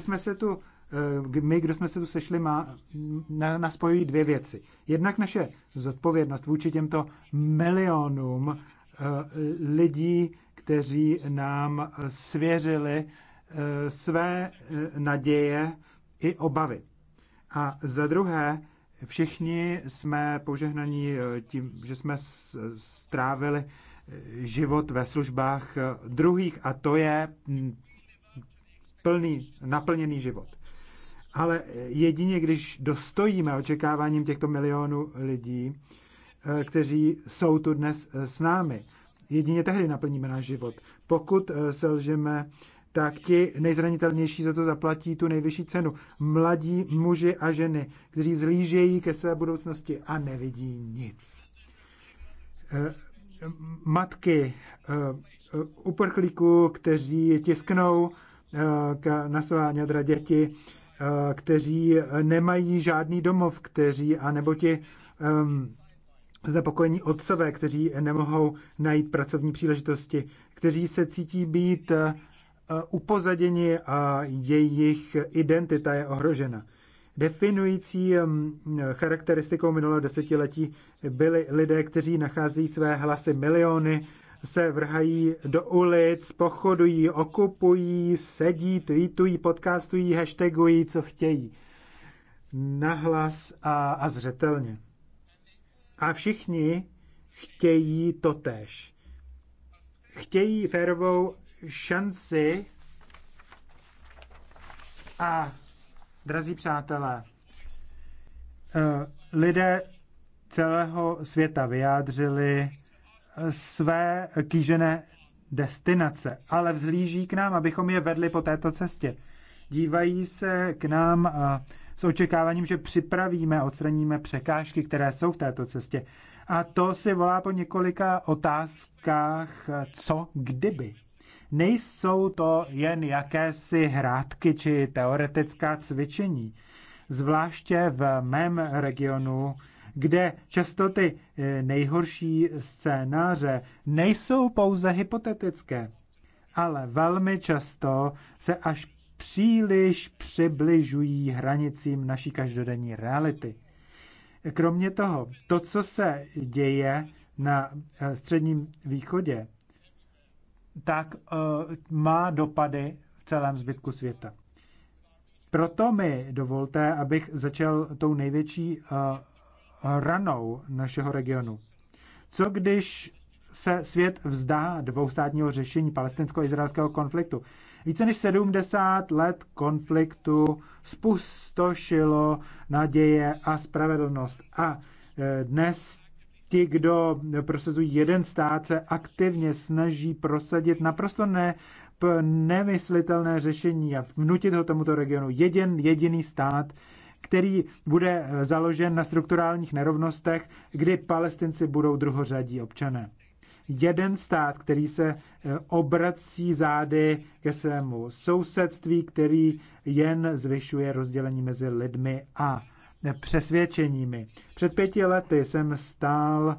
jsme se tu, eh, my, kdo jsme se tu sešli, má, na, na spojují dvě věci. Jednak naše zodpovědnost vůči těmto milionům eh, lidí, kteří nám eh, svěřili své naděje i obavy. A za druhé, všichni jsme požehnaní tím, že jsme strávili život ve službách druhých a to je mm, plný, naplněný život. Ale jedině, když dostojíme očekáváním těchto milionů lidí, eh, kteří jsou tu dnes eh, s námi, jedině tehdy naplníme náš život. Pokud eh, selžeme, tak ti nejzranitelnější za to zaplatí tu nejvyšší cenu. Mladí muži a ženy, kteří zlížejí ke své budoucnosti a nevidí nic. Matky uprchlíků, kteří tisknou Eh, na svá nědra děti, eh, kteří nemají žádný domov, kteří, anebo ti um, znepokojení otcové, kteří nemohou najít pracovní příležitosti, kteří se cítí být eh, upozaděni a jejich identita je ohrožena. Definující ehm, charakteristikou minulého desetiletí byli lidé, kteří nachází své hlasy miliony se vrhají do ulic, pochodují, okupují, sedí, tweetují, podcastují, hashtagují, co chtějí. Nahlas a, a zřetelně. A všichni chtějí tež. Chtějí férovou šanci a, drazí přátelé, eh, lidé celého světa vyjádřili své kýžené destinace, ale vzhlíží k nám, abychom je vedli po této cestě. Dívají se k nám s očekáváním, že připravíme, odstraníme překážky, které jsou v této cestě. A to si volá po několika otázkách, co kdyby. Nejsou to jen jakési hrátky či teoretická cvičení. Zvláště v mém regionu kde často ty eh, nejhorší scénáře nejsou pouze hypotetické, ale velmi často se až příliš přibližují hranicím naší každodenní reality. Kromě toho, to, co se děje na eh, středním východě, tak uh, má dopady v celém zbytku světa. Proto mi dovolte, abych začal tou největší uh, ranou našeho regionu. Co když se svět vzdá dvoustátního řešení palestinsko-izraelského konfliktu? Více než 70 let konfliktu spustošilo naděje a spravedlnost. A e, dnes ti, kdo prosazují jeden stát, se aktivně snaží prosadit naprosto ne, nemyslitelné řešení a vnutit ho tomuto regionu. Jeden jediný stát který bude eh, založen na strukturálních nerovnostech, kdy palestinci budou druhořadí občané. Jeden stát, který se eh, obrací zády ke svému sousedství, který jen zvyšuje rozdělení mezi lidmi a eh, přesvědčeními. Před pěti lety jsem stál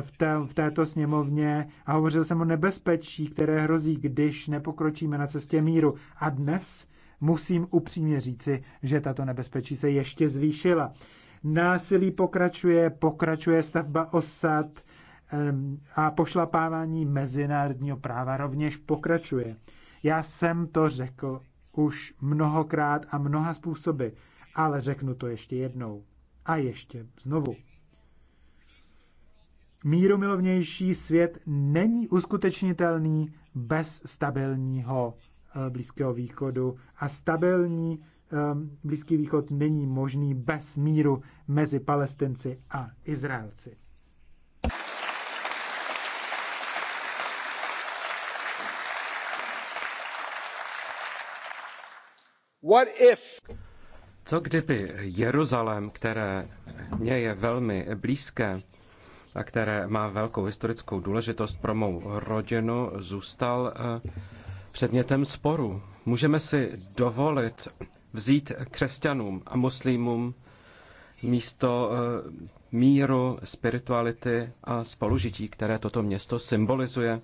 v, té, v této sněmovně a hovořil jsem o nebezpečí, které hrozí, když nepokročíme na cestě míru. A dnes musím upřímně říci, že tato nebezpečí se ještě zvýšila. Násilí pokračuje, pokračuje stavba osad a pošlapávání mezinárodního práva rovněž pokračuje. Já jsem to řekl už mnohokrát a mnoha způsoby, ale řeknu to ještě jednou a ještě znovu. Míromilovnější svět není uskutečnitelný bez stabilního Eh, Blízkého východu a stabilní eh, Blízký východ není možný bez míru mezi Palestinci a Izraelci. What if... Co kdyby Jeruzalém, které mě je velmi blízké a které má velkou historickou důležitost pro mou rodinu, zůstal uh, předmětem sporu. Můžeme si dovolit vzít křesťanům a muslimům místo eh, míru, spirituality a spolužití, které toto město symbolizuje,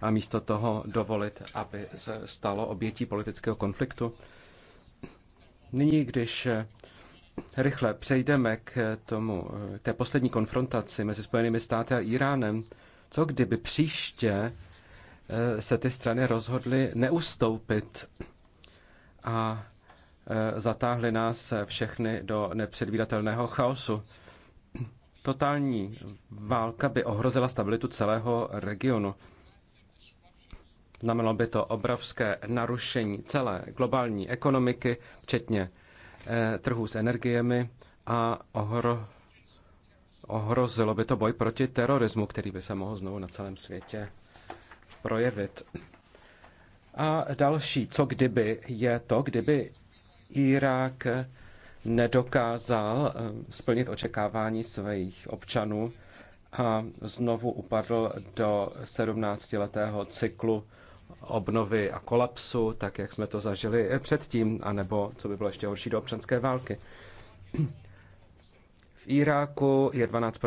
a místo toho dovolit, aby se stalo obětí politického konfliktu. Nyní, když eh, rychle přejdeme k tomu, eh, té poslední konfrontaci mezi Spojenými státy a Iránem, co kdyby příště Eh, se ty strany rozhodly neustoupit a eh, zatáhly nás všechny do nepředvídatelného chaosu. Totální válka by ohrozila stabilitu celého regionu. Znamenalo by to obrovské narušení celé globální ekonomiky, včetně eh, trhů s energiemi a ohro, ohrozilo by to boj proti terorismu, který by se mohl znovu na celém světě projevit. A další, co kdyby, je to, kdyby Irák nedokázal eh, splnit očekávání svých občanů a znovu upadl do 17-letého cyklu obnovy a kolapsu, tak jak jsme to zažili předtím, anebo, co by bylo ještě horší, do občanské války. V Iráku je 12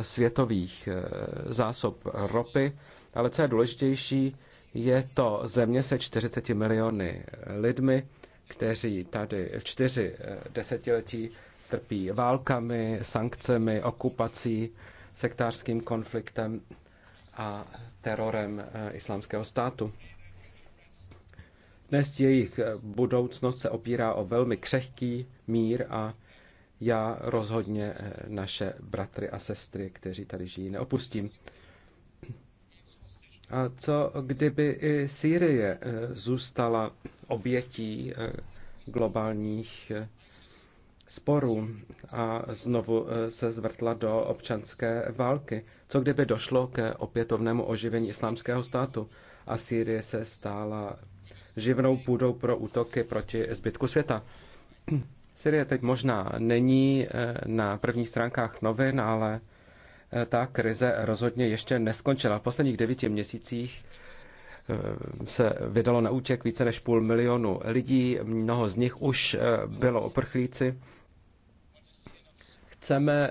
světových eh, zásob ropy ale co je důležitější, je to země se 40 miliony lidmi, kteří tady v čtyři eh, desetiletí trpí válkami, sankcemi, okupací, sektářským konfliktem a terorem eh, islámského státu. Dnes jejich eh, budoucnost se opírá o velmi křehký mír a já rozhodně naše bratry a sestry, kteří tady žijí, neopustím. A co kdyby i Sýrie eh, zůstala obětí eh, globálních eh, sporů a znovu se zvrtla do občanské války? Co kdyby došlo ke opětovnému oživení islámského státu a Sýrie se stála živnou půdou pro útoky proti zbytku světa? Syrie teď možná není na prvních stránkách novin, ale Eh, ta krize rozhodně ještě neskončila. V posledních devíti měsících eh, se vydalo na útěk více než půl milionu lidí, mnoho z nich už eh, bylo oprchlíci. Chceme,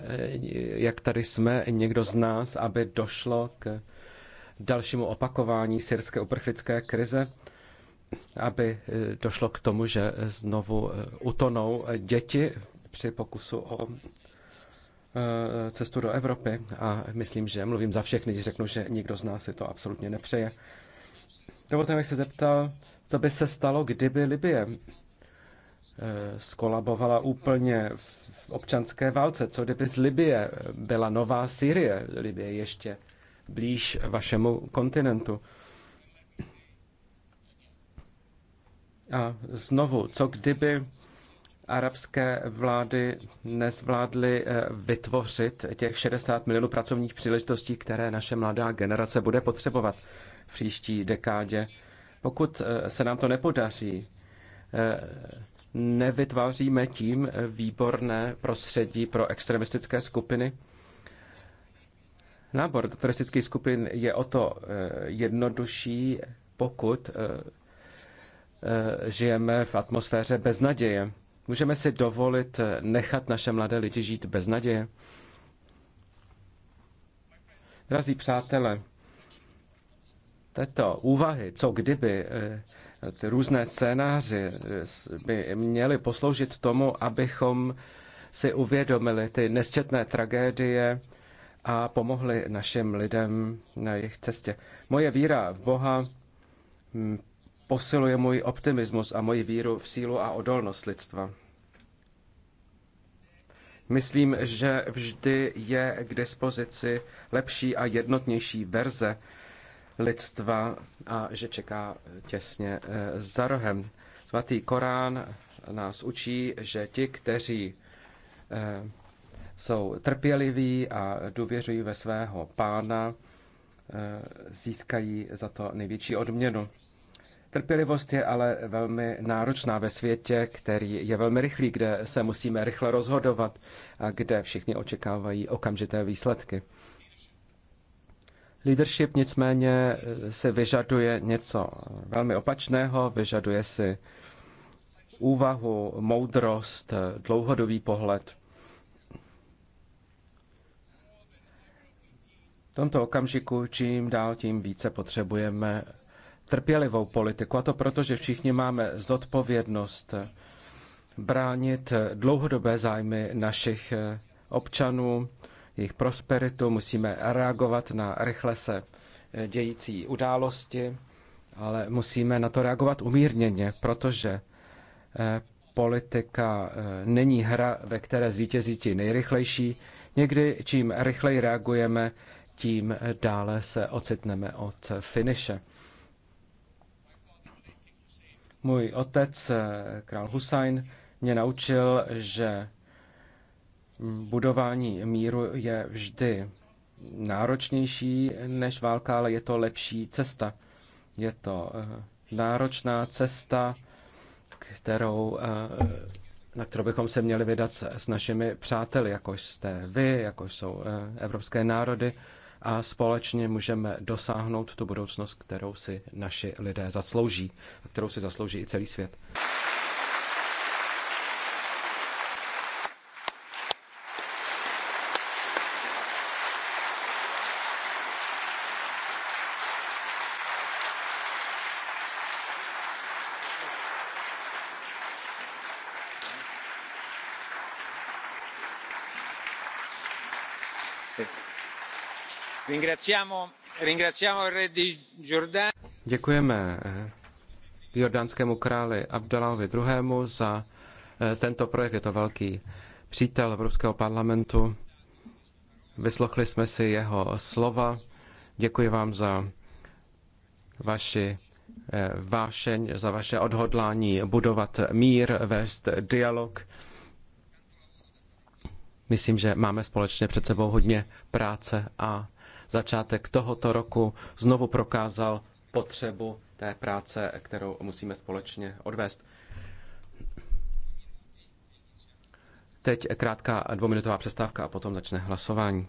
jak tady jsme, někdo z nás, aby došlo k dalšímu opakování syrské uprchlické krize, aby došlo k tomu, že znovu utonou děti při pokusu o Eh, cestu do Evropy a myslím, že mluvím za všechny, když řeknu, že nikdo z nás si to absolutně nepřeje. Dovolte, abych se zeptal, co by se stalo, kdyby Libie eh, skolabovala úplně v občanské válce. Co kdyby z Libie byla nová Syrie? Libie ještě blíž vašemu kontinentu. A znovu, co kdyby arabské vlády nezvládly eh, vytvořit těch 60 milionů pracovních příležitostí, které naše mladá generace bude potřebovat v příští dekádě. Pokud eh, se nám to nepodaří, eh, nevytváříme tím výborné prostředí pro extremistické skupiny. Nábor do teroristických skupin je o to jednodušší, pokud žijeme v atmosféře beznaděje. Můžeme si dovolit eh, nechat naše mladé lidi žít bez naděje? Drazí přátelé, této úvahy, co kdyby eh, ty různé scénáři eh, by měly posloužit tomu, abychom si uvědomili ty nesčetné tragédie a pomohli našim lidem na jejich cestě. Moje víra v Boha mm, posiluje můj optimismus a moji víru v sílu a odolnost lidstva. Myslím, že vždy je k dispozici lepší a jednotnější verze lidstva a že čeká těsně eh, za rohem. Svatý Korán nás učí, že ti, kteří eh, jsou trpěliví a důvěřují ve svého pána, eh, získají za to největší odměnu. Trpělivost je ale velmi náročná ve světě, který je velmi rychlý, kde se musíme rychle rozhodovat a kde všichni očekávají okamžité výsledky. Leadership nicméně eh, se vyžaduje něco velmi opačného, vyžaduje si úvahu, moudrost, eh, dlouhodobý pohled. V tomto okamžiku čím dál tím více potřebujeme trpělivou politiku, a to proto, že všichni máme zodpovědnost bránit dlouhodobé zájmy našich eh, občanů, jejich prosperitu, musíme reagovat na rychle se eh, dějící události, ale musíme na to reagovat umírněně, protože eh, politika není hra, ve které zvítězí ti nejrychlejší. Někdy čím rychleji reagujeme, tím dále se ocitneme od finiše. Můj otec, eh, král Husajn, mě naučil, že budování míru je vždy náročnější než válka, ale je to lepší cesta. Je to eh, náročná cesta, kterou, eh, na kterou bychom se měli vydat s našimi přáteli, jakož jste vy, jakož jsou evropské národy a společně můžeme dosáhnout tu budoucnost, kterou si naši lidé zaslouží a kterou si zaslouží i celý svět. Thank you. Děkujeme eh, jordánskému králi Abdalahovi II. za eh, tento projekt. Je to velký přítel Evropského parlamentu. Vyslochli jsme si jeho slova. Děkuji vám za vaši eh, vášeň, za vaše odhodlání budovat mír, vést dialog. Myslím, že máme společně před sebou hodně práce a začátek tohoto roku znovu prokázal potřebu té práce, kterou musíme společně odvést. Teď krátká dvouminutová přestávka a potom začne hlasování.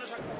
que nos acompaña.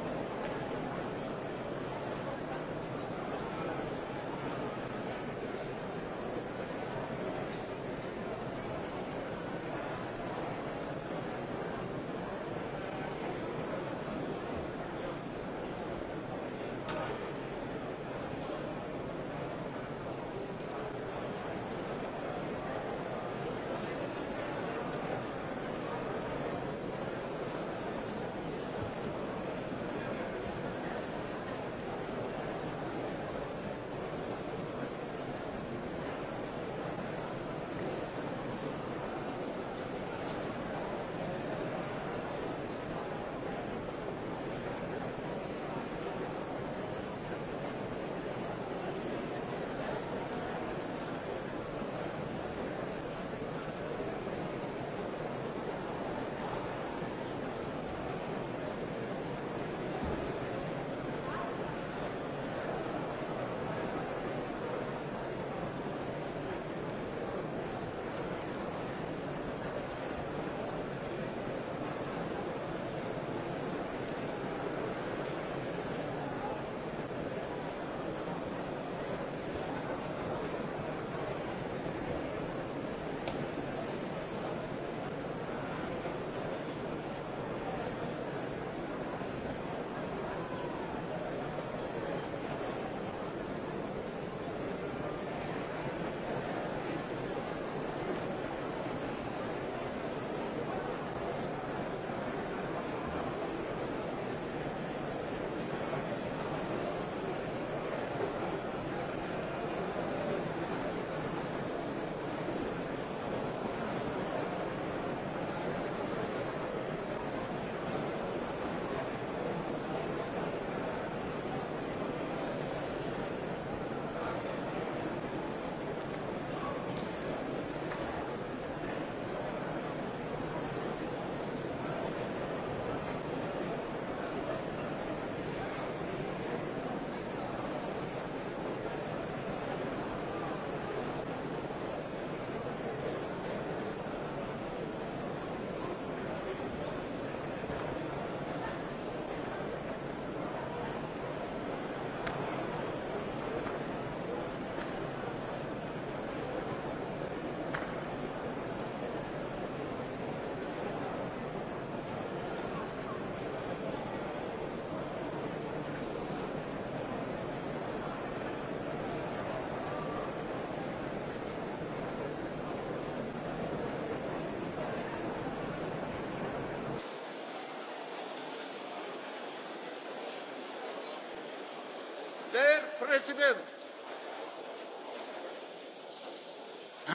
prezident.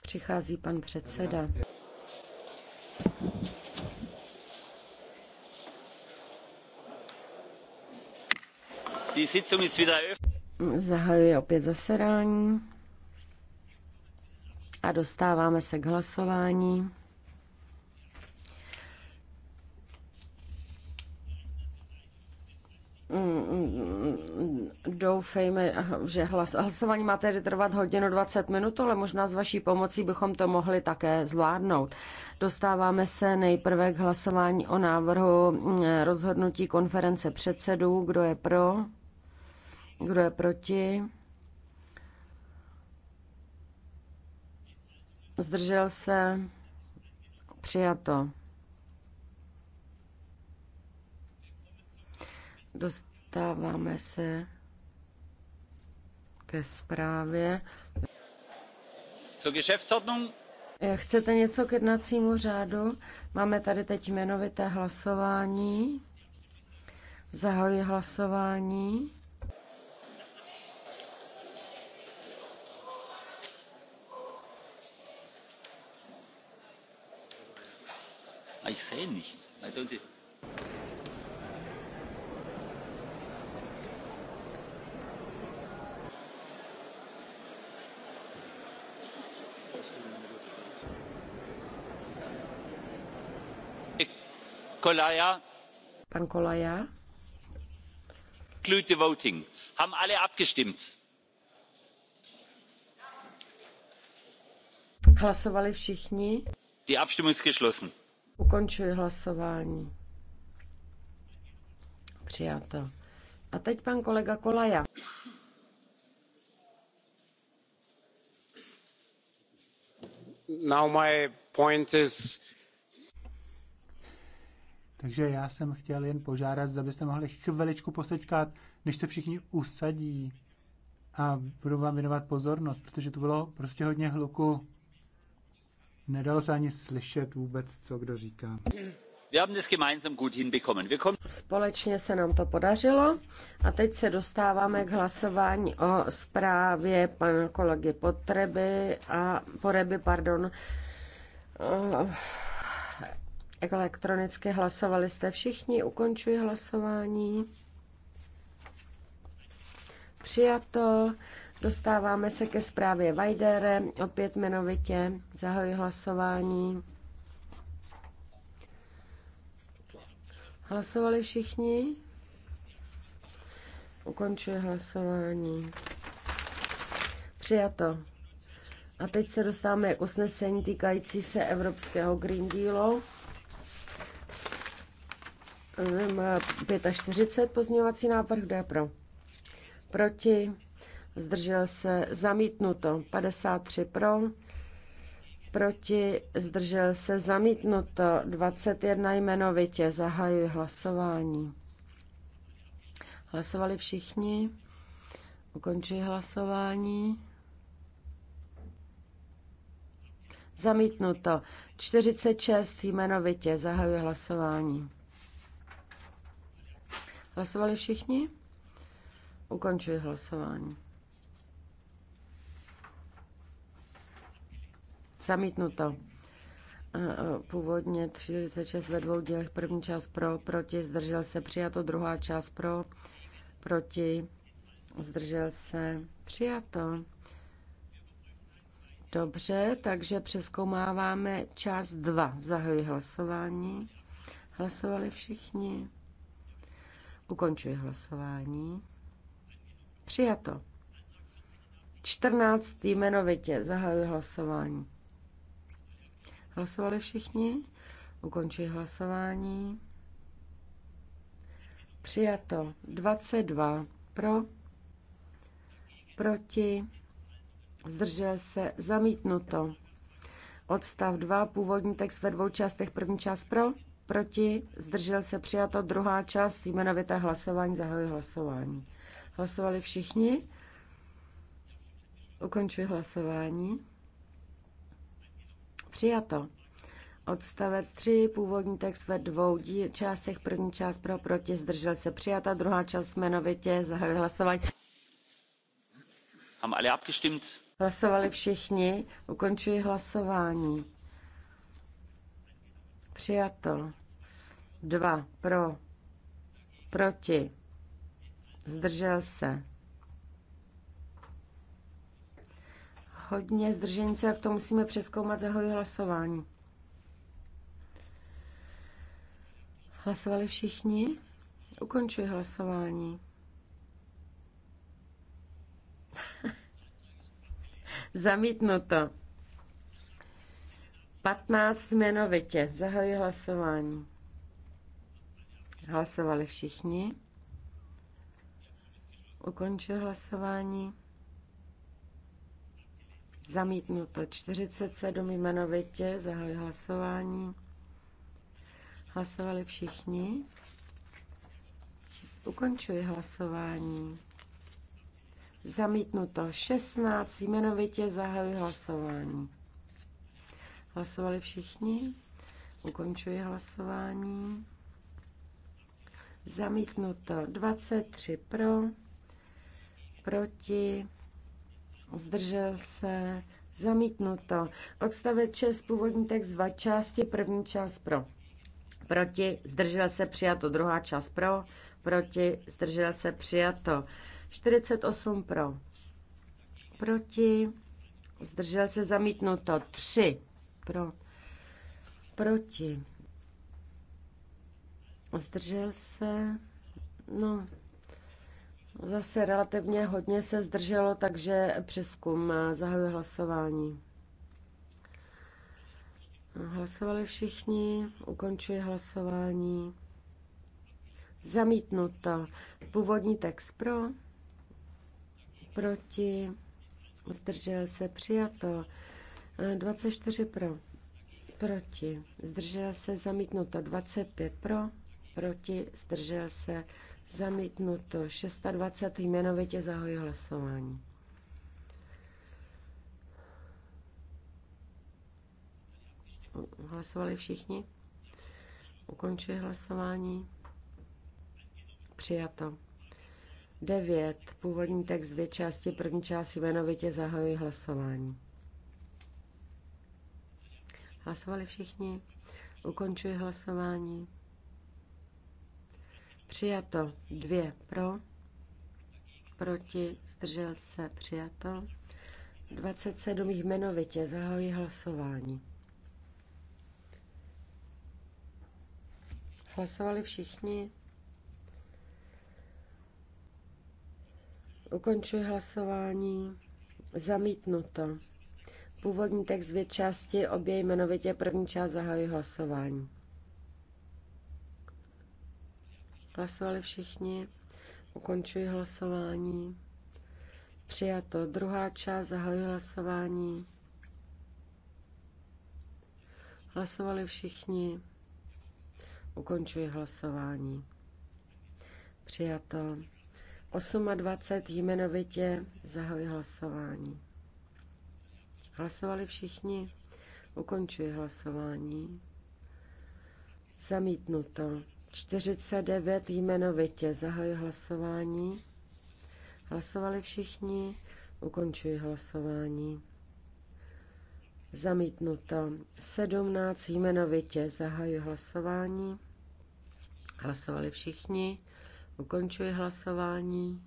Přichází pan předseda. Zahajuje opět zasedání a dostáváme se k hlasování. doufejme, že hlas, hlasování má tedy trvat hodinu 20 minut, ale možná s vaší pomocí bychom to mohli také zvládnout. Dostáváme se nejprve k hlasování o návrhu mm, rozhodnutí konference předsedů. Kdo je pro? Kdo je proti? Zdržel se? Přijato. dostáváme se ke zprávě. Eh, chcete něco k jednacímu řádu? Máme tady teď jmenovité hlasování. Zahajuji hlasování. Ah, ich sehe nichts. I don't see. Kolaja. Pan Kolaja. Include voting. Haben alle abgestimmt? Hlasovali všichni? Die Abstimmung ist geschlossen. Ukončuji hlasování. Přijato. A teď pan kolega Kolaja. Now my point is takže já jsem chtěl jen požádat, zda byste mohli chviličku posečkat, než se všichni usadí a budu vám věnovat pozornost, protože tu bylo prostě hodně hluku. Nedalo se ani slyšet vůbec, co kdo říká. Společně se nám to podařilo a teď se dostáváme k hlasování o zprávě pan kolegy Potreby a Poreby, pardon. Uh Elektronicky hlasovali jste všichni, ukončuji hlasování. Přijato. Dostáváme se ke zprávě Vajdere, opět jmenovitě. Zahajuji hlasování. Hlasovali všichni? Ukončuji hlasování. Přijato. A teď se dostáváme k usnesení týkající se Evropského Green Dealu. 45 hm, pozměňovací návrh, kdo je pro? Proti? Zdržel se zamítnuto. 53 pro. Proti? Zdržel se zamítnuto. 21 jmenovitě. Zahajuji hlasování. Hlasovali všichni? Ukončuji hlasování. Zamítnuto. 46 jmenovitě. Zahajuji hlasování. Hlasovali všichni? Ukončuji hlasování. Zamítnuto. Původně 36 ve dvou dílech. První část pro, proti, zdržel se, přijato. Druhá část pro, proti, zdržel se, přijato. Dobře, takže přeskoumáváme část 2. Zahajuji hlasování. Hlasovali všichni. Ukončuji hlasování. Přijato. 14 jmenovitě zahajuji hlasování. Hlasovali všichni? Ukončuji hlasování. Přijato 22 pro, proti, zdržel se, zamítnuto. Odstav 2, původní text ve dvou částech, první část pro, Proti? Zdržel se přijato druhá část jmenovité hlasování. Zahajuji hlasování. Hlasovali všichni? Ukončuji hlasování. Přijato. Odstavec 3, původní text ve dvou dí- částech. První část pro proti, zdržel se přijata, druhá část jmenovitě, zahajuji hlasování. Haben alle abgestimmt? Hlasovali všichni, ukončuji hlasování. Přijato. dva pro. Proti. Zdržel se. Hodně zdržení se, jak to musíme přeskoumat, zahoji hlasování. Hlasovali všichni? Ukončuji hlasování. Zamítnuto. 15 jmenovitě. Zahajuji hlasování. Hlasovali všichni. Ukončil hlasování. Zamítnuto 47 jmenovitě. Zahajuji hlasování. Hlasovali všichni. Ukončuji hlasování. Zamítnuto 16 jmenovitě. Zahajuji hlasování. Hlasovali všichni? Ukončuji hlasování. Zamítnuto 23 pro, proti, zdržel se, zamítnuto. Odstavec 6, původní text, dva části, první část pro, proti, zdržel se, přijato, druhá část pro, proti, zdržel se, přijato. 48 pro, proti, zdržel se, zamítnuto, 3 pro, proti, zdržel se, no, zase relativně hodně se zdrželo, takže přeskum zahajuje hlasování. Hlasovali všichni, ukončuji hlasování. Zamítnuto. Původní text pro, proti, zdržel se, přijato. 24 pro, proti, zdržel se zamítnuto 25 pro, proti, zdržel se zamítnuto 26 jmenovitě zahoji hlasování. Hlasovali všichni? Ukončuji hlasování. Přijato. 9. Původní text dvě části. První část jmenovitě zahajuji hlasování. Hlasovali všichni? Ukončuji hlasování. Přijato dvě pro, proti, zdržel se, přijato. 27 jmenovitě zahojí hlasování. Hlasovali všichni? Ukončuji hlasování. Zamítnuto. Původní text dvě části, obě jmenovitě první část zahajuji hlasování. Hlasovali všichni, ukončuji hlasování. Přijato. Druhá část zahajuji hlasování. Hlasovali všichni. Ukončuji hlasování. Přijato. 28 jmenovitě zahajuji hlasování. Hlasovali všichni. Ukončuji hlasování. Zamítnuto. 49 jmenovitě. Zahajuji hlasování. Hlasovali všichni. Ukončuji hlasování. Zamítnuto. 17 jmenovitě. Zahajuji hlasování. Hlasovali všichni. Ukončuji hlasování.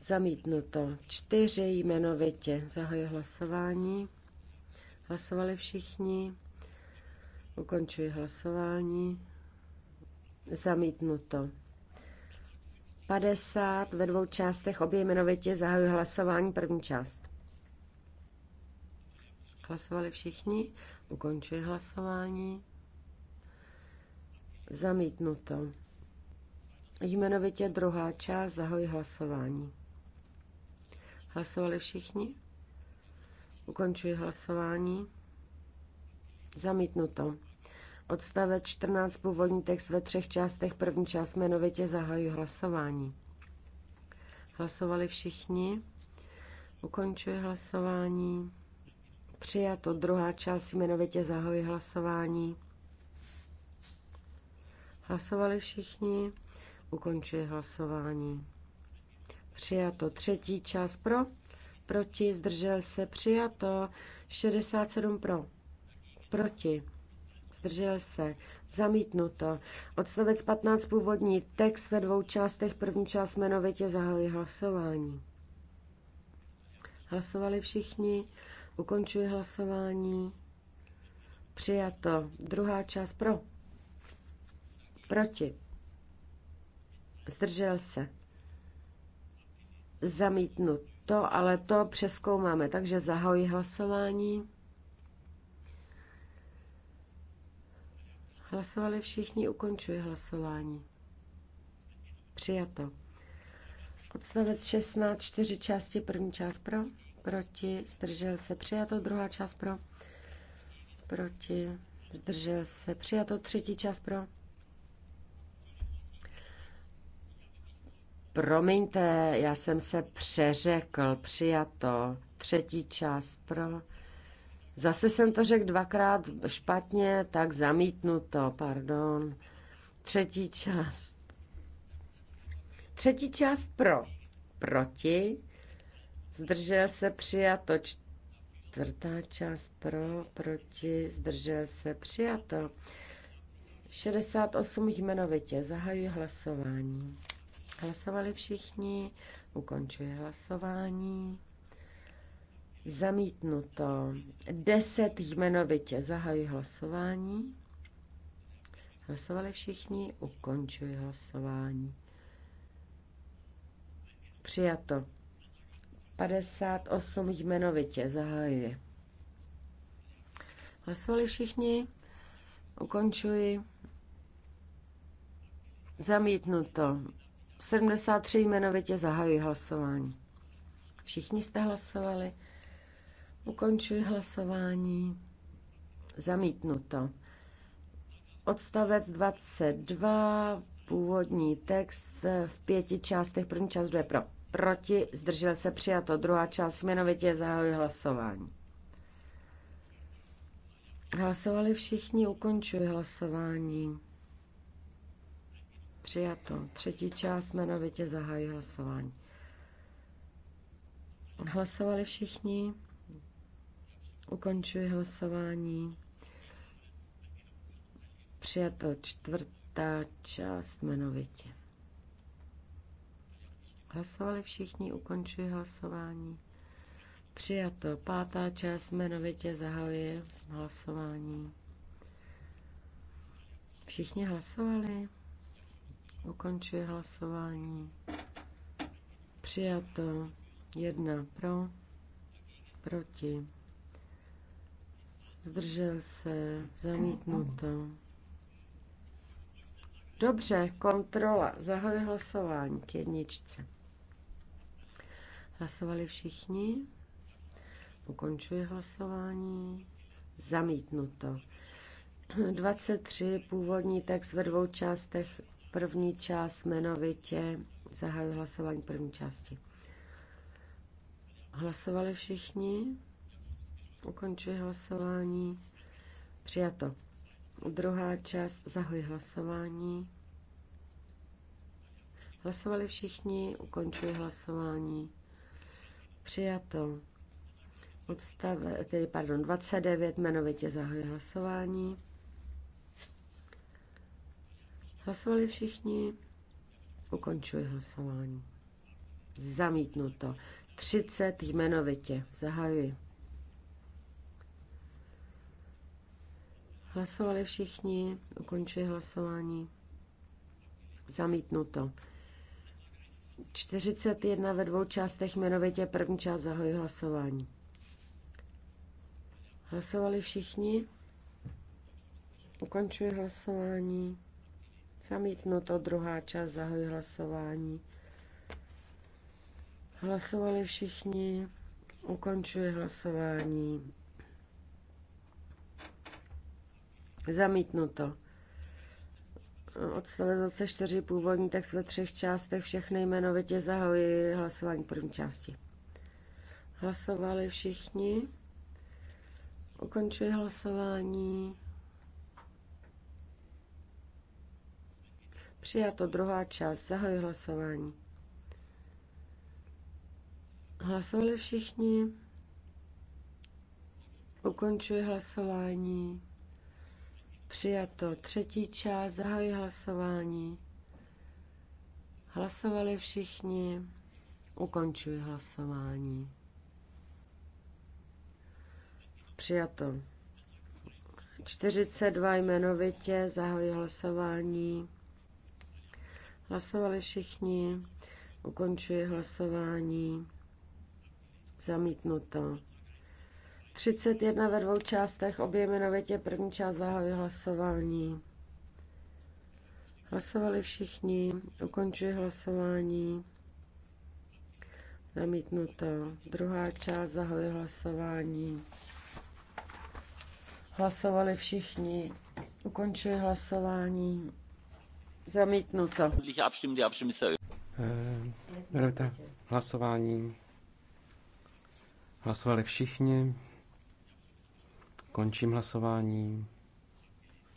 Zamítnuto. Čtyři jmenovitě. Zahajuji hlasování. Hlasovali všichni. Ukončuji hlasování. Zamítnuto. 50 ve dvou částech, obě jmenovitě zahajuji hlasování, první část. Hlasovali všichni, ukončuji hlasování. Zamítnuto. Jmenovitě druhá část, zahajuji hlasování. Hlasovali všichni? Ukončuji hlasování. Zamítnuto. Odstavec 14 původní text ve třech částech. První část jmenovitě zahajuji hlasování. Hlasovali všichni. Ukončuji hlasování. Přijato druhá část jmenovitě zahajuji hlasování. Hlasovali všichni. Ukončuji hlasování přijato. Třetí část pro, proti, zdržel se, přijato. 67 pro, proti, zdržel se, zamítnuto. Odstavec 15 původní text ve dvou částech, první část jmenovitě zahájí hlasování. Hlasovali všichni, ukončuji hlasování. Přijato. Druhá část pro. Proti. Zdržel se. Zamítnuto, ale to přeskoumáme, takže zahoji hlasování. Hlasovali všichni, ukončuji hlasování. Přijato. Odstavec 16, čtyři části, první část pro, proti, zdržel se, přijato, druhá část pro, proti, zdržel se, přijato, třetí část pro, Promiňte, já jsem se přeřekl, přijato. Třetí část pro. Zase jsem to řekl dvakrát špatně, tak zamítnu to, pardon. Třetí část. Třetí část pro. Proti. Zdržel se přijato. Čtvrtá část pro. Proti. Zdržel se přijato. 68 jmenovitě. Zahajuji hlasování. Hlasovali všichni, ukončuje hlasování. Zamítnuto. Deset jmenovitě zahají hlasování. Hlasovali všichni, ukončuji hlasování. Přijato. 58 jmenovitě zahajuje. Hlasovali všichni, ukončuji. Zamítnuto. 73 jmenovitě zahajuji hlasování. Všichni jste hlasovali. Ukončuji hlasování. Zamítnuto. Odstavec 22, původní text v pěti částech. První část, je pro? Proti, zdržel se přijato. Druhá část, jmenovitě zahajuji hlasování. Hlasovali všichni, ukončuji hlasování. Přijato. Třetí část jmenovitě zahájí hlasování. Hlasovali všichni? Ukončuji hlasování. Přijato čtvrtá část jmenovitě. Hlasovali všichni, ukončuji hlasování. Přijato pátá část jmenovitě zahajuje hlasování. Všichni hlasovali. Ukončuji hlasování. Přijato. Jedna pro. Proti. Zdržel se. Zamítnuto. Dobře, kontrola. Zahoj hlasování k jedničce. Hlasovali všichni. Ukončuji hlasování. Zamítnuto. 23. Původní text ve dvou částech První část jmenovitě zahajuji hlasování první části. Hlasovali všichni? Ukončuji hlasování. Přijato. Druhá část zahajuji hlasování. Hlasovali všichni, ukončuji hlasování. Přijato. Odstav, tedy pardon, 29, jmenovitě zahajuji hlasování. Hlasovali všichni? Ukončuji hlasování. Zamítnuto. 30 jmenovitě. Zahajuji. Hlasovali všichni? Ukončuji hlasování. Zamítnuto. 41 ve dvou částech jmenovitě. První část zahoji hlasování. Hlasovali všichni? Ukončuji hlasování. Zamítnuto druhá část, zahoj hlasování. Hlasovali všichni, ukončuji hlasování. Zamítnuto. Odstavec 24 původní text ve třech částech, všechny jmenovitě zahoji hlasování první části. Hlasovali všichni. Ukončuji hlasování. Přijato druhá část. Zahajuji hlasování. Hlasovali všichni. Ukončuji hlasování. Přijato třetí část. Zahajuji hlasování. Hlasovali všichni. Ukončuji hlasování. Přijato. 42 jmenovitě. Zahajuji hlasování. Hlasovali všichni. Ukončuji hlasování. Zamítnuto. 31 ve dvou částech, obě jmenovitě první část zahájí hlasování. Hlasovali všichni, ukončuji hlasování. Zamítnuto. Druhá část zahájí hlasování. Hlasovali všichni, ukončuji hlasování. Zamítnuto. Berete eh, hlasování. Hlasovali všichni. Končím hlasování.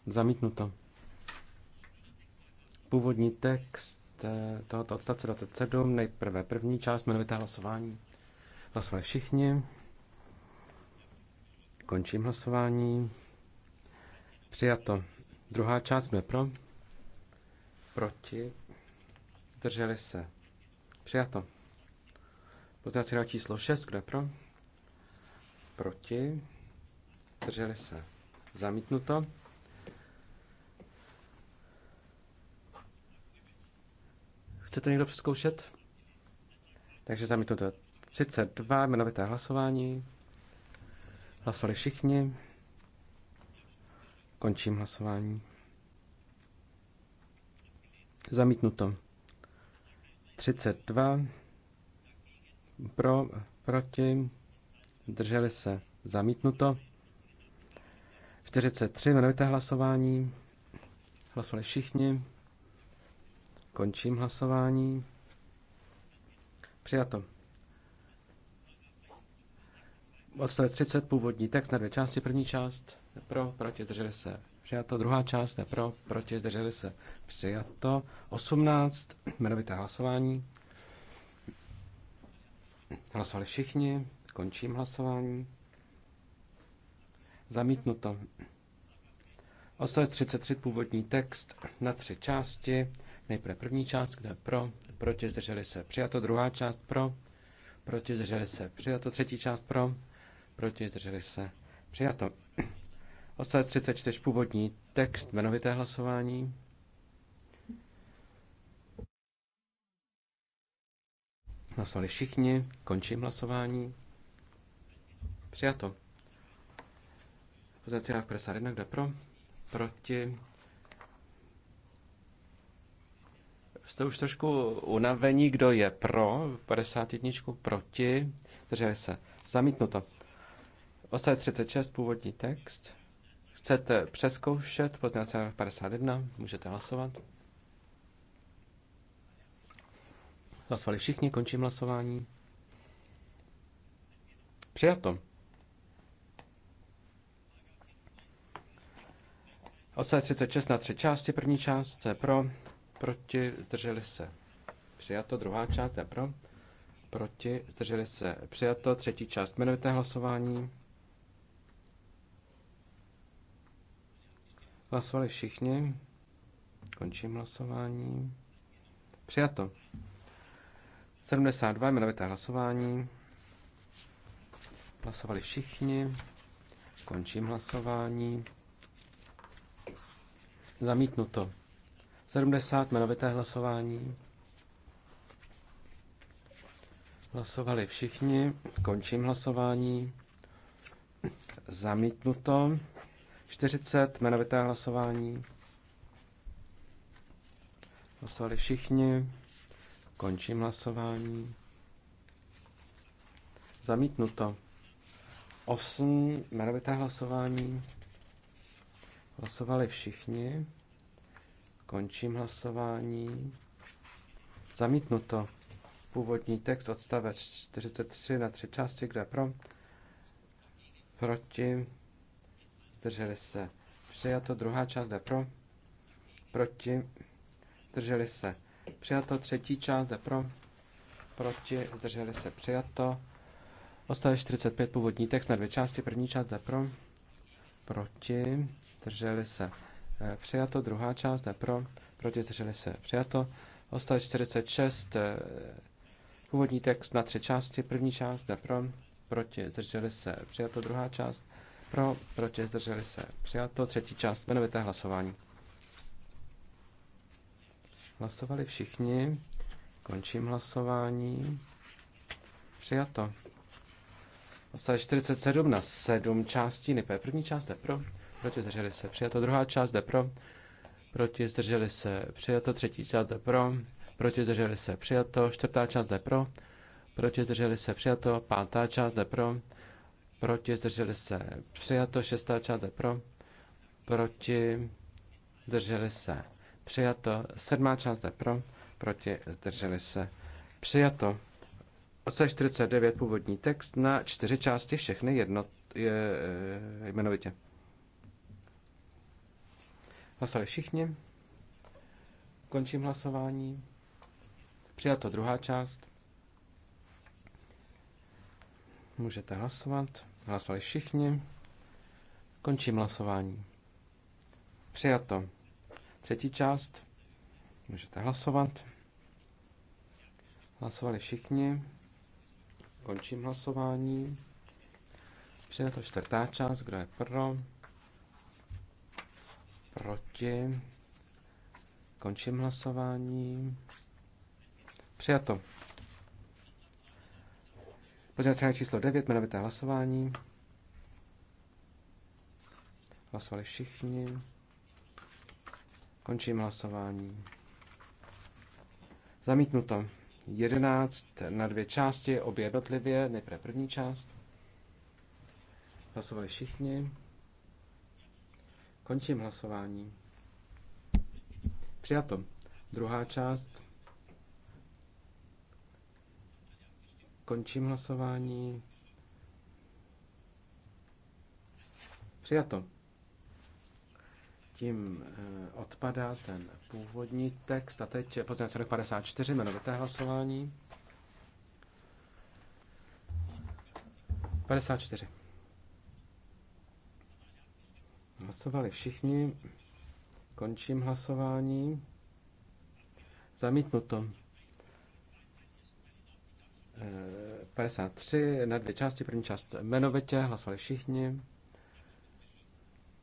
Zamítnuto. Původní text eh, tohoto odstavce 27, nejprve první část, jmenovité hlasování. Hlasovali všichni. Končím hlasování. Přijato. Druhá část, jsme pro proti, drželi se. Přijato. Pozměňovací návrh číslo 6, kdo je pro? Proti, drželi se. Zamítnuto. Chcete někdo přeskoušet? Takže zamítnuto 32, jmenovité hlasování. Hlasovali všichni. Končím hlasování. Zamítnuto. 32 pro, proti, drželi se. Zamítnuto. 43 jmenovité hlasování. Hlasovali všichni. Končím hlasování. Přijato. Odstavec 30, původní text na dvě části. První část pro, proti, drželi se Přijato druhá část, je pro, proti, zdrželi se. Přijato 18, jmenovité hlasování. Hlasovali všichni, končím hlasování. Zamítnuto. Odstavec 33, původní text na tři části. Nejprve první část, kde pro, proti, zdrželi se. Přijato druhá část pro, proti, zdrželi se. Přijato třetí část pro, proti, zdrželi se. Přijato Odstavec 34 původní text, jmenovité hlasování. Hlasovali všichni, končím hlasování. Přijato. Pozvací návrh 51, kdo pro? Proti. Jste už trošku unavení, kdo je pro, 51 proti, Drželi se. Zamítnuto. Odstavec 36, původní text. Chcete přeskoušet pod návrh 51? Můžete hlasovat. Hlasovali všichni, končím hlasování. Přijato. Odstavec 36 na tři části. První část je pro, proti, zdrželi se. Přijato. Druhá část je pro, proti, zdrželi se. Přijato. Třetí část jmenujete hlasování. Hlasovali všichni. Končím hlasování. Přijato. 72, jmenovité hlasování. Hlasovali všichni. Končím hlasování. Zamítnuto. 70, jmenovité hlasování. Hlasovali všichni. Končím hlasování. Zamítnuto. 40, jmenovité hlasování. Hlasovali všichni. Končím hlasování. Zamítnuto. 8, jmenovité hlasování. Hlasovali všichni. Končím hlasování. Zamítnuto. Původní text odstavec 43 na tři části, kde pro, proti, drželi se přijato, druhá část jde pro, proti, drželi se přijato, třetí část jde pro, proti, drželi se přijato, ostatní 45 původní text na dvě části, první část jde pro, proti, drželi se eh, přijato, druhá část jde pro, proti, drželi se přijato, ostatní 46 eh, původní text na tři části, první část jde pro, proti, drželi se přijato, druhá část pro, proti, zdrželi se. Přijato. Třetí část, jmenovité hlasování. Hlasovali všichni. Končím hlasování. Přijato. Dostali 47 na 7 částí Nejprve První část jde pro, proti zdrželi se. Přijato. Druhá část jde pro, proti zdrželi se. Přijato. Třetí část jde pro, proti zdrželi se. Přijato. Čtvrtá část jde pro, proti zdrželi se. Přijato. Pátá část jde pro, proti, zdrželi se přijato, šestá část pro, proti, zdrželi se přijato, 7. část je pro, proti, zdrželi se přijato. Odsek 49 původní text na čtyři části, všechny jedno, je, eh, jmenovitě. Hlasovali všichni. Končím hlasování. Přijato druhá část. Můžete hlasovat. Hlasovali všichni. Končím hlasování. Přijato. Třetí část. Můžete hlasovat. Hlasovali všichni. Končím hlasování. Přijato čtvrtá část. Kdo je pro? Proti. Končím hlasování. Přijato. Pozměňovací třeba číslo 9, jmenovité hlasování. Hlasovali všichni. Končím hlasování. Zamítnuto. 11 na dvě části, obě jednotlivě, nejprve první část. Hlasovali všichni. Končím hlasování. Přijato. Druhá část. Končím hlasování. Přijato. Tím eh, odpadá ten původní text a teď pozměňovací rok 54, jmenovité hlasování. 54. Hlasovali všichni. Končím hlasování. Zamítnuto. 53 na dvě části. První část jmenovitě, hlasovali všichni.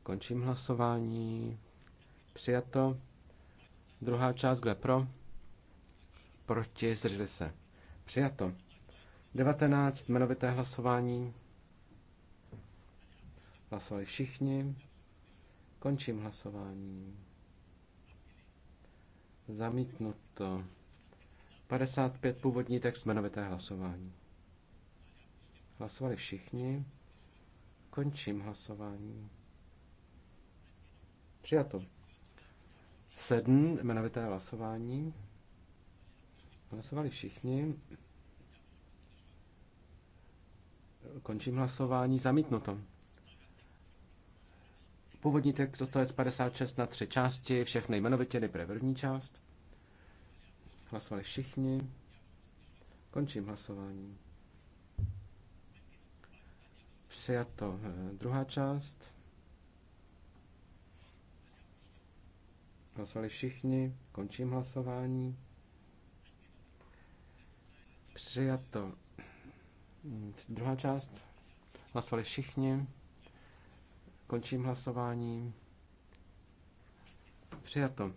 Končím hlasování. Přijato. Druhá část, kdo je pro? Proti, zdrželi se. Přijato. 19, jmenovité hlasování. Hlasovali všichni. Končím hlasování. Zamítnuto. 55 původní text jmenovité hlasování. Hlasovali všichni. Končím hlasování. Přijato. 7 jmenovité hlasování. Hlasovali všichni. Končím hlasování. Zamítnuto. Původní text odstavec 56 na tři části, všechny jmenovitě, nejprve první část. Hlasovali všichni. Končím hlasování. Přijato eh, druhá část. Hlasovali všichni. Končím hlasování. Přijato mm, druhá část. Hlasovali všichni. Končím hlasování. Přijato.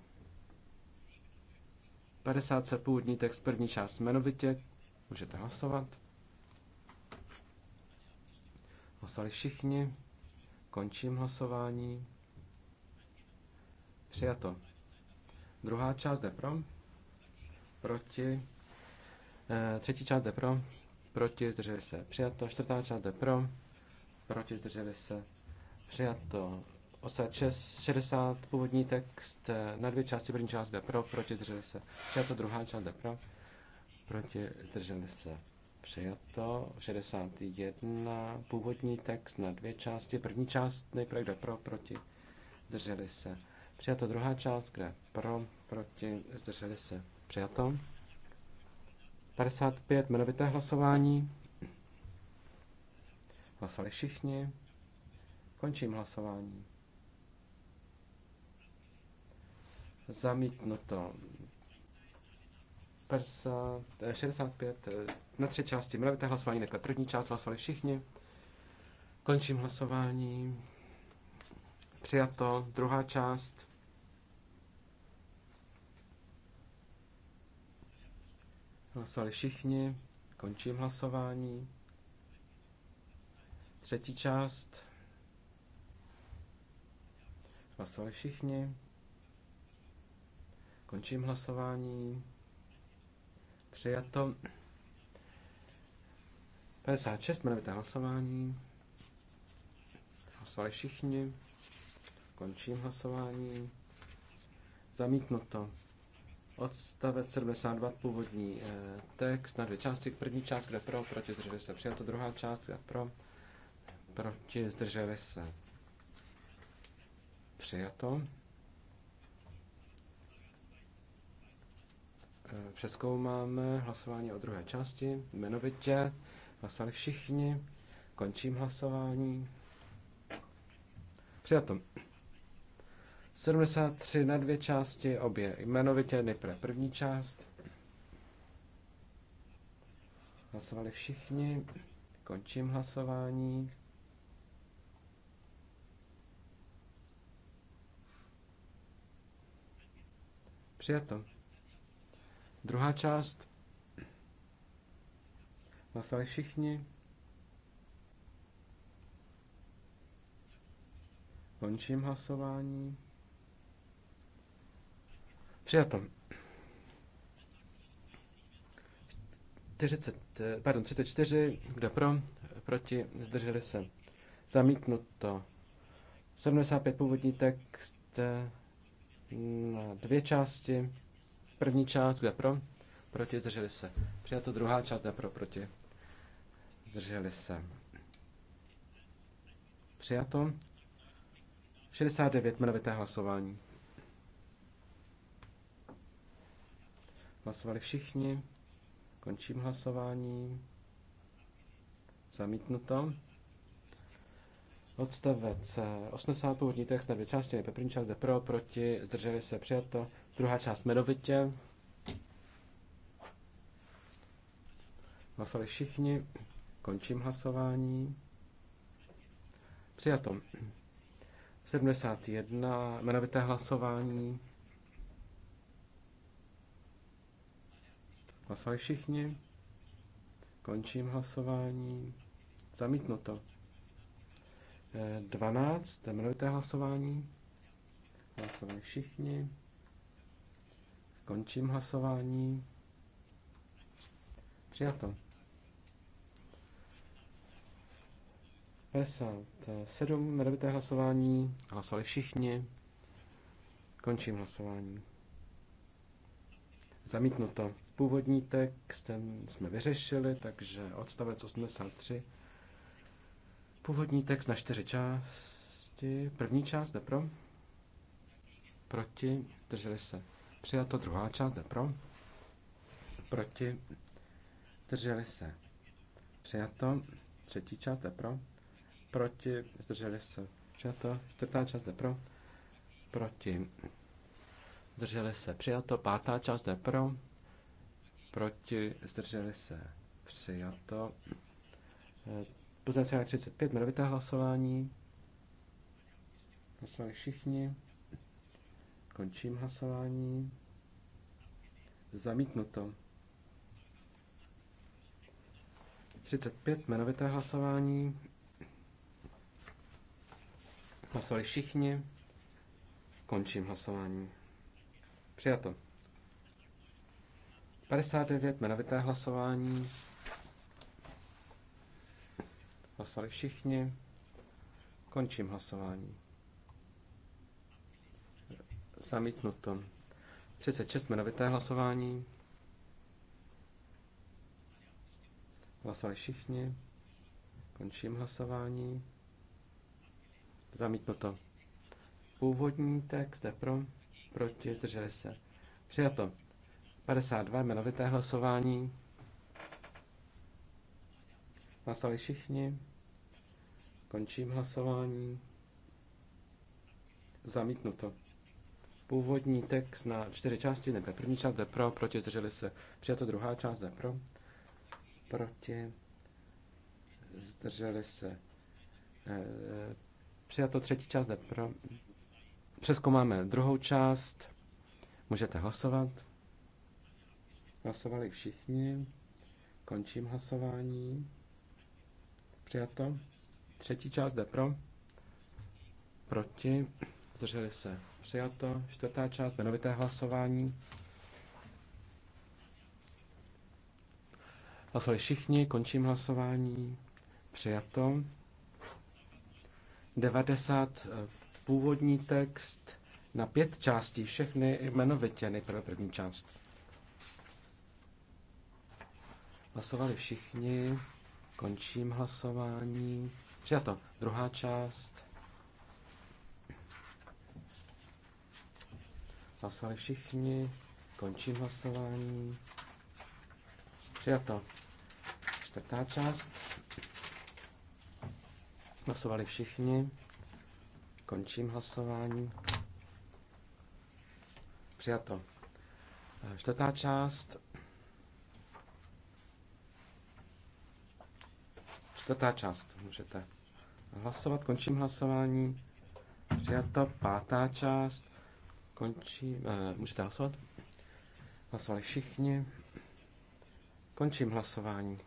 50 se původní text první část jmenovitě. Můžete hlasovat. Hlasovali všichni. Končím hlasování. Přijato. Druhá část jde pro. Proti. Eh, třetí část jde pro. Proti zdrželi se. Přijato. Čtvrtá část jde pro. Proti zdrželi se. Přijato. Osa 60, původní text eh, na dvě části, první část jde pro, proti drželi se. Přijato druhá část jde pro, proti drželi se. Přijato 61, původní text na dvě části, první část nejprve jde pro, proti drželi se. Přijato druhá část, kde pro, proti zdrželi se. Přijato. 55, jmenovité hlasování. Hlasovali všichni. Končím hlasování. zamítnuto. Persa 65 eh, eh, na tři části. Mravité hlasování takhle. První část hlasovali všichni. Končím hlasování. Přijato. Druhá část. Hlasovali všichni. Končím hlasování. Třetí část. Hlasovali všichni. Končím hlasování. Přijato. 56, jmenovité hlasování. Hlasovali všichni. Končím hlasování. Zamítnuto. Odstavec 72, původní eh, text na dvě části. První část, kde pro, proti zdrželi se. Přijato druhá část, kde pro, proti zdrželi se. Přijato. Eh, přeskoumáme hlasování o druhé části, jmenovitě. Hlasovali všichni. Končím hlasování. Přijatom. 73 na dvě části, obě jmenovitě, nejprve první část. Hlasovali všichni. Končím hlasování. Přijatom. Druhá část. Hlasovali všichni. Končím hlasování. Přijato. 40, pardon, 34, kdo pro, proti, zdrželi se. Zamítnuto. 75 původní text eh, na dvě části. První část, kde pro, proti, zdrželi se. Přijato druhá část, kde pro, proti, zdrželi se. Přijato 69 jmenovité hlasování. Hlasovali všichni. Končím hlasování. Zamítnuto. Odstavec 80. Eh, hodní text na dvě části. První část jde pro, proti, zdrželi se, přijato. Druhá část medovitě. Hlasovali všichni. Končím hlasování. Přijato. 71. Jmenovité hlasování. Hlasovali všichni. Končím hlasování. Zamítnuto. 12. Eh, jmenovité hlasování. Hlasovali všichni. Končím hlasování. Přijato. 57, jmenovité hlasování. Hlasovali všichni. Končím hlasování. Zamítnuto. Původní text ten jsme vyřešili, takže odstavec 83. Původní text na čtyři části. První část jde pro. Proti. Drželi se Přijato druhá část jde pro. Proti. Zdrželi se. Přijato. Třetí část jde pro. Proti. Zdrželi se. Přijato. Čtvrtá část jde pro. Proti. Zdrželi se. Přijato. Pátá část jde pro. Proti. Zdrželi se. Přijato. Poznací 35, jmenovité hlasování. Hlasovali všichni. Končím hlasování. Zamítnuto. 35 jmenovité hlasování. Hlasovali všichni. Končím hlasování. Přijato. 59 jmenovité hlasování. Hlasovali všichni. Končím hlasování. Zamítnuto. 36 jmenovité hlasování. Hlasovali všichni. Končím hlasování. Zamítnuto. Původní text je pro, proti, zdrželi se. Přijato. 52 jmenovité hlasování. Hlasovali všichni. Končím hlasování. Zamítnuto původní text na čtyři části, nebe první část jde pro, proti zdrželi se přijato, druhá část jde pro, proti zdrželi se eh, přijato, třetí část jde pro. Přeskoumáme druhou část, můžete hlasovat. Hlasovali všichni, končím hlasování. Přijato. Třetí část jde pro. Proti. Zdrželi se Přijato. Čtvrtá část, jmenovité hlasování. Hlasovali všichni, končím hlasování. Přijato. 90 eh, původní text na pět částí, všechny jmenovitě, nejprve první část. Hlasovali všichni, končím hlasování. Přijato. Druhá část. Hlasovali všichni. Končím hlasování. Přijato. Čtvrtá část. Hlasovali všichni. Končím hlasování. Přijato. Čtvrtá část. Čtvrtá část. Můžete hlasovat. Končím hlasování. Přijato. Pátá část. Končím. Uh, eh, můžete hlasovat? Hlasovali všichni. Končím hlasování.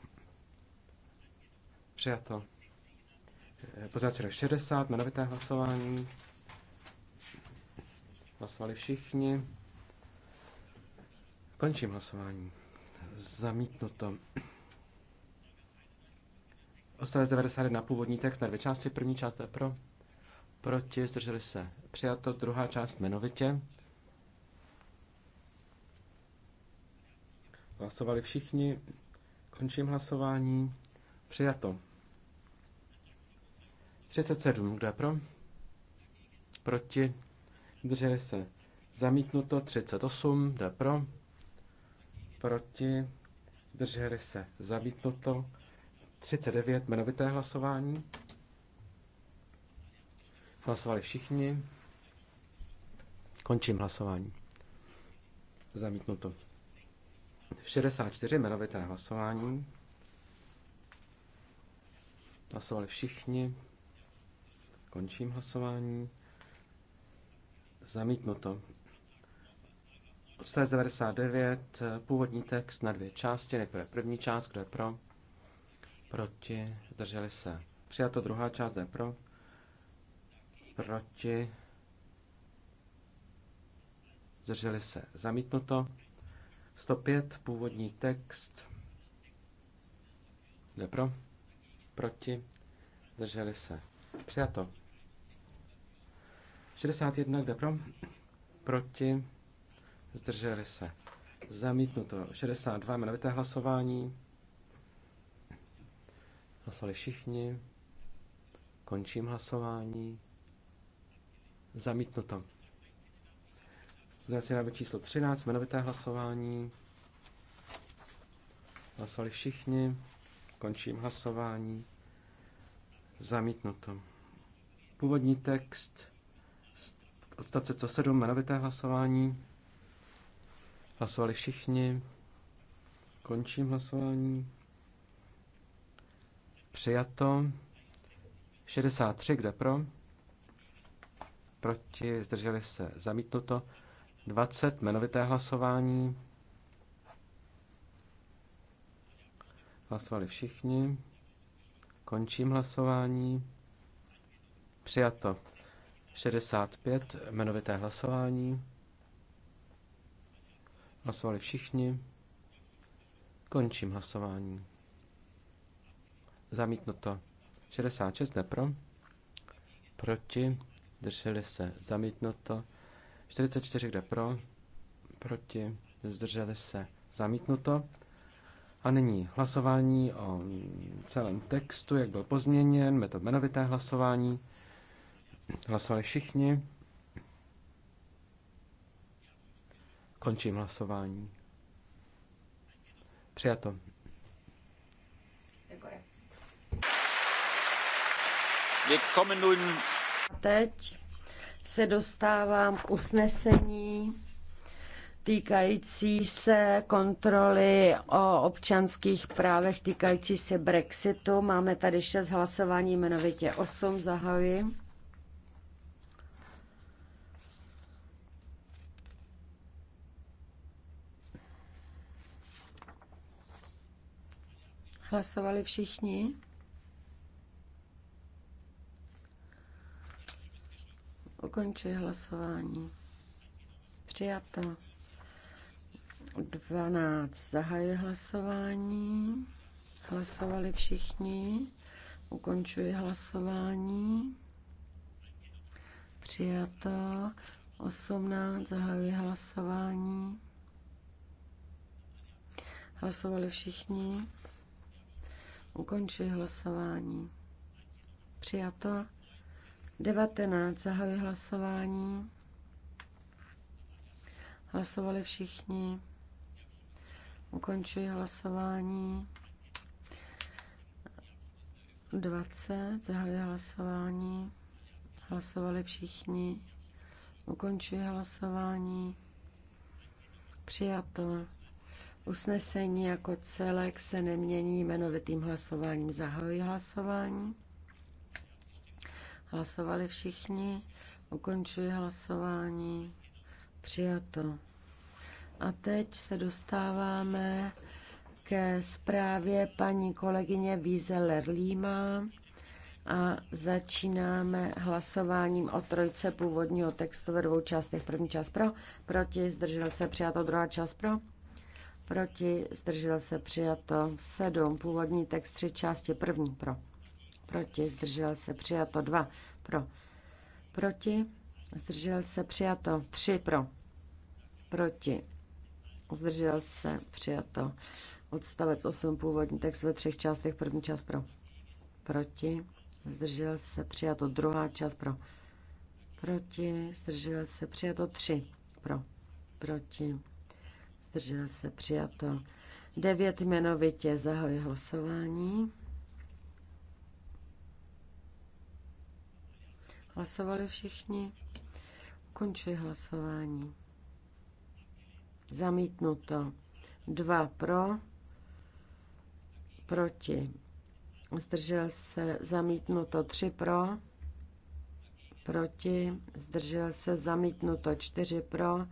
Přijato. Eh, Pozdravce 60, jmenovité hlasování. Hlasovali všichni. Končím hlasování. Zamítnuto. Ostalé 91, původní text na dvě části. První část je pro proti, zdrželi se. Přijato druhá část jmenovitě. Hlasovali všichni. Končím hlasování. Přijato. 37. Kdo je pro? Proti. Zdrželi se. Zamítnuto 38. Kdo je pro? Proti. Zdrželi se. Zamítnuto 39. Jmenovité hlasování. Hlasovali všichni. Končím hlasování. Zamítnuto. 64 jmenovité hlasování. Hlasovali všichni. Končím hlasování. Zamítnuto. Odstavec 99, původní text na dvě části. Nejprve první část, kdo je pro, proti, zdrželi se. Přijato druhá část, kdo je pro, proti, zdrželi se zamítnuto. 105, původní text, jde pro, proti, zdrželi se přijato. 61, kde pro, proti, zdrželi se zamítnuto. 62, jmenovité hlasování, hlasovali všichni, končím hlasování. Zamítnuto. Zase návrh číslo 13, jmenovité hlasování. Hlasovali všichni. Končím hlasování. Zamítnuto. Původní text odstavce 107, jmenovité hlasování. Hlasovali všichni. Končím hlasování. Přijato. 63, kde pro? proti, zdrželi se, zamítnuto. 20, jmenovité hlasování. Hlasovali všichni. Končím hlasování. Přijato. 65, jmenovité hlasování. Hlasovali všichni. Končím hlasování. Zamítnuto. 66 nepro. Proti zdrželi se zamítnuto, 44 kde pro, proti, zdrželi se zamítnuto. A nyní hlasování o celém textu, jak byl pozměněn, metod jmenovité hlasování. Hlasovali všichni. Končím hlasování. Přijato. Wir kommen nun teď se dostávám k usnesení týkající se kontroly o občanských právech, týkající se Brexitu. Máme tady šest hlasování, jmenovitě osm, zahajuji. Hlasovali všichni? Ukončuji hlasování. Přijato. 12. Zahajuji hlasování. Hlasovali všichni. Ukončuji hlasování. Přijato. 18. Zahajuji hlasování. Hlasovali všichni. Ukončuji hlasování. Přijato. 19. Zahajuji hlasování. Hlasovali všichni. Ukončuji hlasování. 20. Zahajuji hlasování. Hlasovali všichni. Ukončuji hlasování. Přijato. Usnesení jako celek se nemění jmenovitým hlasováním. Zahajuji hlasování. Hlasovali všichni. Ukončuji hlasování. Přijato. A teď se dostáváme ke zprávě paní kolegyně Víze Lerlíma a začínáme hlasováním o trojce původního textu ve dvou částech. První část pro, proti, zdržel se přijato, druhá část pro, proti, zdržel se přijato, sedm, původní text, tři části, první pro proti, zdržel se, přijato 2 pro, proti, zdržel se, přijato 3 pro, proti, zdržel se, přijato odstavec 8 původní text ve třech částech, první část pro, proti, zdržel se, přijato druhá část pro, proti, zdržel se, přijato 3 pro, proti, zdržel se, přijato 9 jmenovitě, zahoj hlasování. Hlasovali všichni? Končuji hlasování. Zamítnuto. Dva pro, proti. Zdržel se zamítnuto tři pro, proti. Zdržel se zamítnuto čtyři pro,